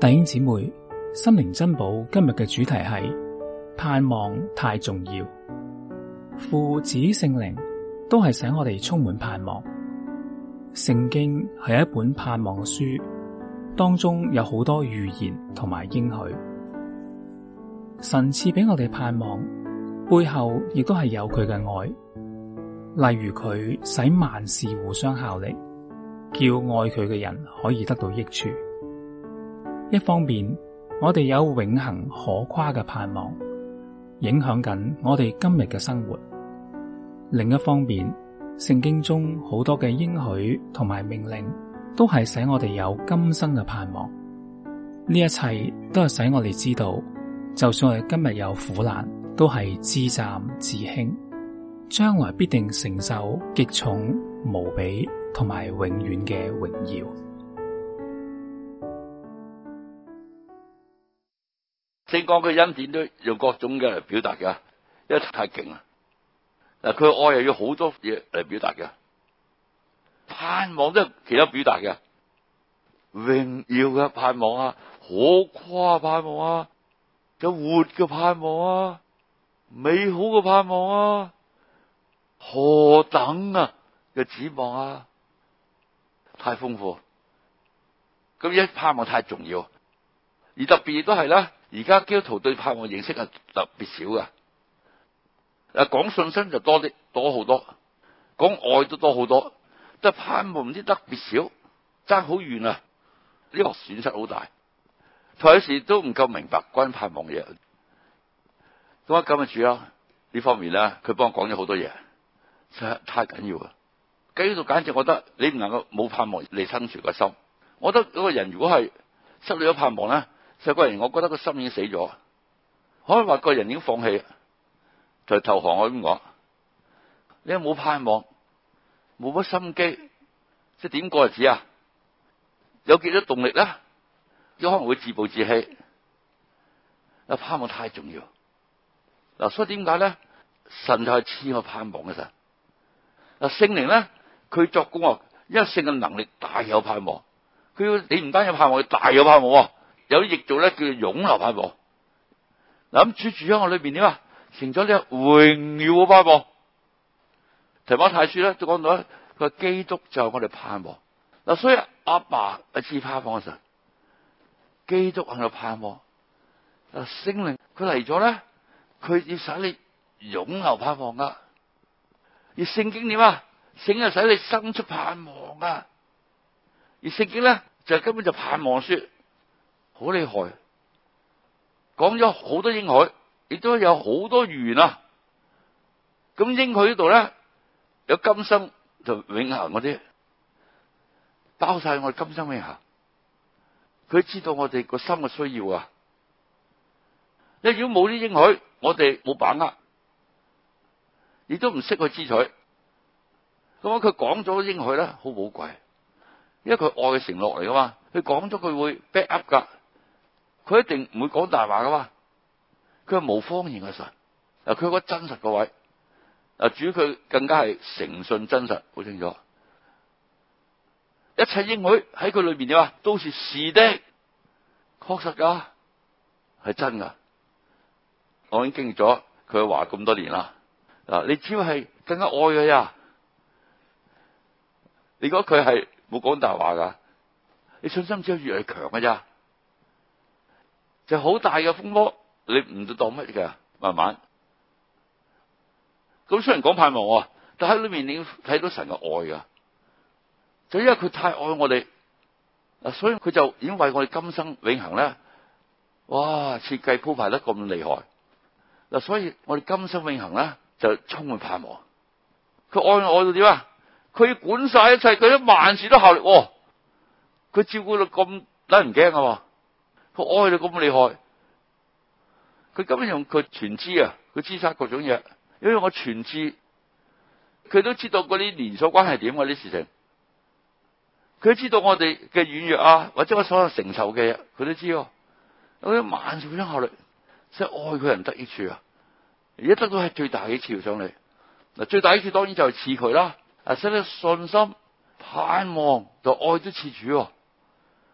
弟兄姊妹，心靈珍寶今日嘅主題係盼望太重要，父子聖靈都係使我哋充滿盼望。聖經係一本盼望嘅書，當中有好多預言同埋應許。神賜俾我哋盼望，背後亦都係有佢嘅愛。例如佢使萬事互相效力，叫愛佢嘅人可以得到益處。一方面，我哋有永恆可誇嘅盼望，影響緊我哋今日嘅生活；另一方面，聖經中好多嘅應許同埋命令，都係使我哋有今生嘅盼望。呢一切都係使我哋知道，就算我哋今日有苦難，都係至暫至輕，將來必定承受極重無比同埋永遠嘅榮耀。正講佢恩典都用各種嘅嚟表達嘅，因為太勁啦。嗱，佢愛又要好多嘢嚟表達嘅，盼望都係其他表達嘅，榮耀嘅盼望啊，好誇盼望啊，有活嘅盼望啊，美好嘅盼望啊，何等啊嘅指望啊，太豐富。咁一盼望太重要，而特別亦都係啦。而家基督徒對盼望認識係特別少噶，啊，講信心就多啲多好多，講愛都多好多，但盼望唔知特別少，爭好遠啊！呢個損失好大，有時都唔夠明白關於盼望嘢。咁啊咁啊住啦！呢方面咧，佢幫我講咗好多嘢，實太緊要啊！基督徒簡直覺得你唔能夠冇盼望你生存個心，我覺得嗰個人如果係失去咗盼望咧。成個人，我覺得個心已經死咗，可，可以話個人已經放棄，就是，投降。我咁講？你有冇盼望？冇乜心機，即係點過日子啊？有幾多動力咧？有可能會自暴自棄。嗱，盼望太重要嗱，所以點解咧？神就係賜我盼望嘅神嗱，聖靈咧佢作工，因為聖嘅能力大有盼望，佢要你唔單有盼望，佢大有盼望。有啲譯做咧，叫做湧流盼望。嗱，咁處住喺我裏邊點啊？成咗呢個榮耀嘅盼望。提摩太書咧就講到咧，佢基督就係我哋盼望。嗱，所以阿爸係只盼望嘅時候，基督喺度盼望。嗱，聖靈佢嚟咗咧，佢要使你湧流盼望噶。而聖經點啊？聖經使你生出盼望噶。而聖經咧就係根本就盼望書。好厲害，講咗好多應許，亦都有好多語言。啊。咁應許呢度咧，有今生就永恆嗰啲，包晒我哋今生永恆，佢知道我哋個心嘅需要啊！你如果冇啲應許，我哋冇把握，亦都唔識去支取。咁佢講咗應許咧，好寶貴，因為佢愛嘅承諾嚟噶嘛。佢講咗，佢會 back up 噶。佢一定唔會講大話噶嘛，佢係無謊言嘅神，嗱佢個真實個位置，嗱主佢更加係誠信真實，好清楚，一切應許喺佢裏面嘅話，都是是的，確實噶，係真噶，我已經經歷咗佢嘅話咁多年啦，嗱你只要係更加愛佢呀，你覺得佢係冇講大話噶，你信心只有越嚟越強嘅咋？就好大嘅風波，你唔到當乜嘅？慢慢，咁雖然講盼望啊，但喺裏面你要睇到神嘅愛啊。就因為佢太愛我哋，所以佢就已經為我哋今生永恆咧，哇，設計鋪排得咁厲害。嗱，所以我哋今生永恆咧就充滿盼望。佢愛我到點啊？佢管晒一切，佢啲萬事都效力。喎！佢照顧到咁得人驚啊？愛到咁厲害，佢根本用佢全知啊，佢知晒各種嘢，因為我全知，佢都知道嗰啲連鎖關係點嘅啲事情，佢知道我哋嘅軟弱啊，或者我所有承受嘅嘢，佢都知喎。嗰啲萬兆張效力，真係愛佢人得益處啊！而家得到係最大嘅次上嚟嗱，最大嘅次當然就係賜佢啦，啊，生得信心盼望就愛都賜主。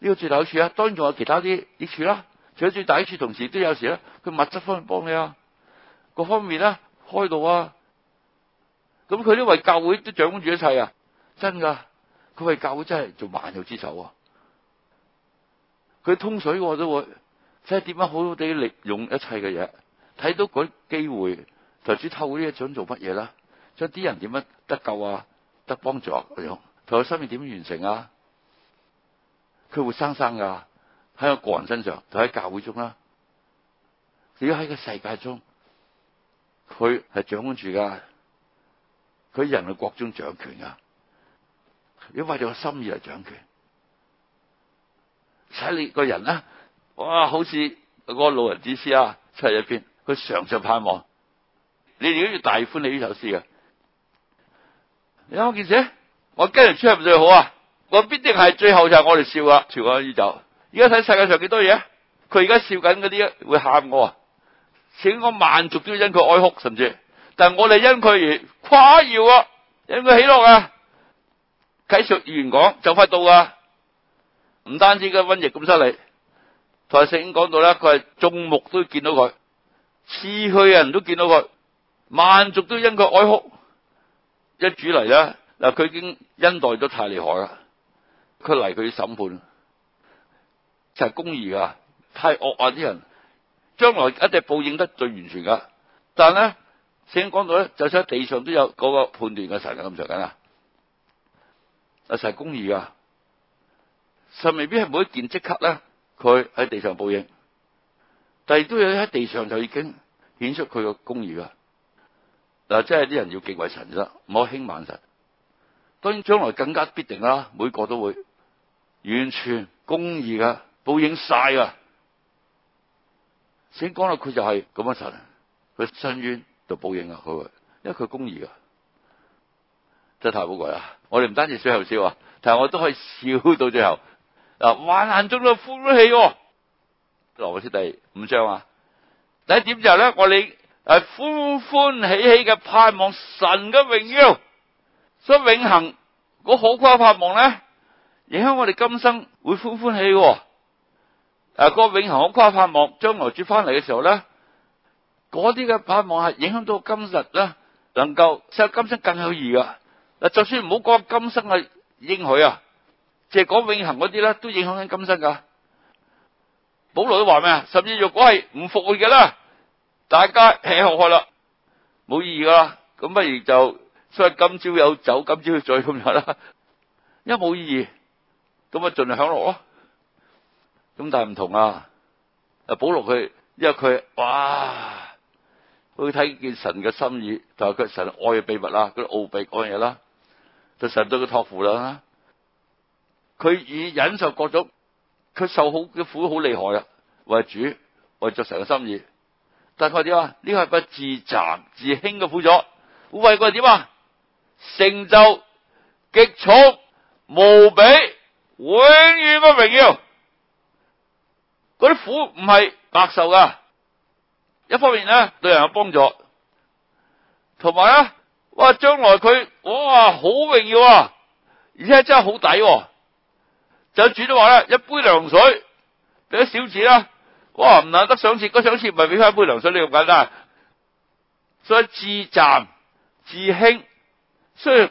呢個最大好處啊，當然仲有其他啲益處啦。除咗最大啲處，同時都有時咧，佢物質方面幫你面啊，各方面啦，開到啊。咁佢都為教會都掌管住一切啊，真噶。佢為教會真係做萬有之手啊。佢通水我都會，即係點樣好好地利用一切嘅嘢，睇到嗰機會，頭先透嗰啲嘢想做乜嘢啦？將啲人點樣得救啊？得幫助嗰同佢嘅心願點樣完成啊？佢會生生噶，喺個個人身上，就喺教會中啦。如果喺個世界中，佢係掌管住噶，佢喺人類國中掌權噶。如果為咗心意嚟掌權，使你個人啦，哇，好似嗰個老人之詩啊，出嚟一邊，佢常常盼望。你如果要大歡喜呢首詩嘅，你諗下件事，我跟住出係咪最好啊？我必定係最後就係我哋笑啦，朝我而走。而家睇世界上幾多嘢，佢而家笑緊嗰啲會喊我啊！請我萬族都因佢哀哭，甚至，但係我哋因佢而誇耀啊！因佢喜樂啊！啟示預言講就快到噶，唔單止佢瘟疫咁犀利，同埋聖經講到咧，佢係眾目都見到佢，刺佢嘅人都見到佢，萬族都因佢哀哭。一主嚟咧嗱，佢已經恩待咗太厲害啦。佢嚟佢審判，就係公義噶，太惡啊啲人，將來一定報應得最完全噶。但係咧，先講到咧，就算喺地上都有嗰個判斷嘅神咁樣緊啊，係神公義噶，神未必係每一件即刻咧，佢喺地上報應，但係都有喺地上就已經顯出佢個公義噶。嗱，即係啲人要敬畏神啫，唔好輕慢神。當然將來更加必定啦，每個都會。完全公義嘅報應晒噶，先講到佢就係咁樣神，佢伸冤，就報應啊佢，因為佢公義噶，真係太寶貴啦！我哋唔單止笑後笑啊，但係我都可以笑到最後，患難中嘅歡喜、啊，羅馬書第五章啊。第一點就係咧，我哋誒歡歡喜喜嘅盼望神嘅榮耀，所以永恆我好誇盼望咧。影響我哋今生會歡歡喜，誒，個永恒好誇盼望將來轉翻嚟嘅時候咧，嗰啲嘅盼望係影響到今日咧，能夠使今生更有意義噶嗱。就算唔好講今生嘅應許啊，淨係講永恒嗰啲咧，都影響緊今生噶。保羅都話咩啊？甚至若果係唔復活嘅咧，大家吃喝喝啦，冇意義啦。咁不如就，所以今朝有酒，今朝醉咁樣啦，一冇意義。咁啊，盡量享樂咯。咁但係唔同啊，啊保羅佢，因為佢哇，佢睇見神嘅心意，就係佢神愛嘅秘密啦，佢奧秘嗰樣嘢啦，就神對佢托付啦。佢以忍受各種，佢受好嘅苦好厲害啊，為主為作神嘅心意。但係佢點啊？呢個係至暫至輕嘅苦楚。苦為過點啊？成就極重無比。永遠嘅榮耀，嗰啲苦唔係白受噶。一方面呢，對人有幫助，同埋呢哇哇將來佢哇好榮耀，而且真係好抵。就主都話一杯涼水俾一小子啦，哇唔難得賞賜，嗰賞賜咪俾翻杯涼水你咁簡單，所以至暫至輕，所以。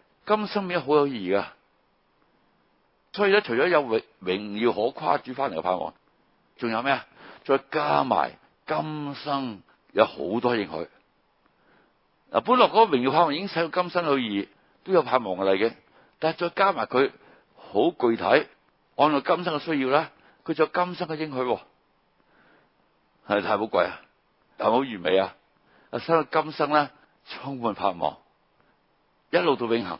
今生已好有意義啊，所以咧除咗有榮榮耀可跨住翻嚟嘅盼望，仲有咩啊？再加埋今生有好多應許。嗱，本來嗰個榮耀盼望已經使到今生好意義，都有盼望嘅嚟嘅。但係再加埋佢好具體，按到今生嘅需要咧，佢就今生嘅應許，係太寶貴啊，係好完美啊！使到今生咧充滿盼望，一路到永恒。